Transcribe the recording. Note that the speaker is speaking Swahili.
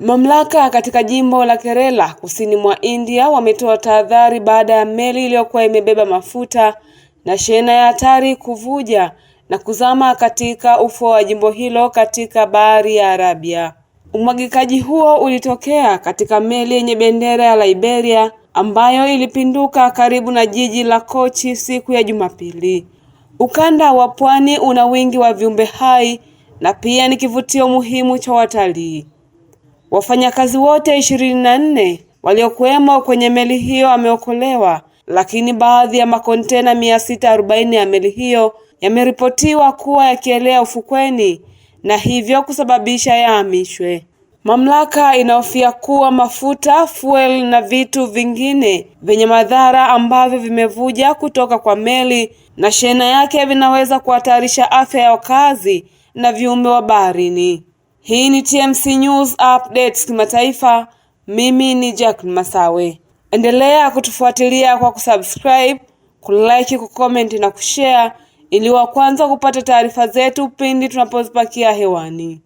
Mamlaka katika jimbo la Kerala kusini mwa India wametoa tahadhari baada ya meli iliyokuwa imebeba mafuta na shehena ya hatari kuvuja na kuzama katika ufuo wa jimbo hilo katika Bahari ya Arabia. Umwagikaji huo ulitokea katika meli yenye bendera ya Liberia ambayo ilipinduka karibu na jiji la Kochi siku ya Jumapili. Ukanda wa pwani una wingi wa viumbe hai na pia ni kivutio muhimu cha watalii. Wafanyakazi wote ishirini na nne waliokuwemo kwenye meli hiyo wameokolewa, lakini baadhi ya makontena mia sita arobaini ya meli hiyo yameripotiwa kuwa yakielea ufukweni na hivyo kusababisha yahamishwe. Mamlaka inahofia kuwa mafuta, fuel na vitu vingine vyenye madhara ambavyo vimevuja kutoka kwa meli na shehena yake vinaweza kuhatarisha afya ya wakazi na viumbe wa baharini. Hii ni TMC News Updates kimataifa. Mimi ni Jacqueline Masawe. Endelea kutufuatilia kwa kusubscribe, kulike, kucomment na kushare ili wa kwanza kupata taarifa zetu pindi tunapozipakia hewani.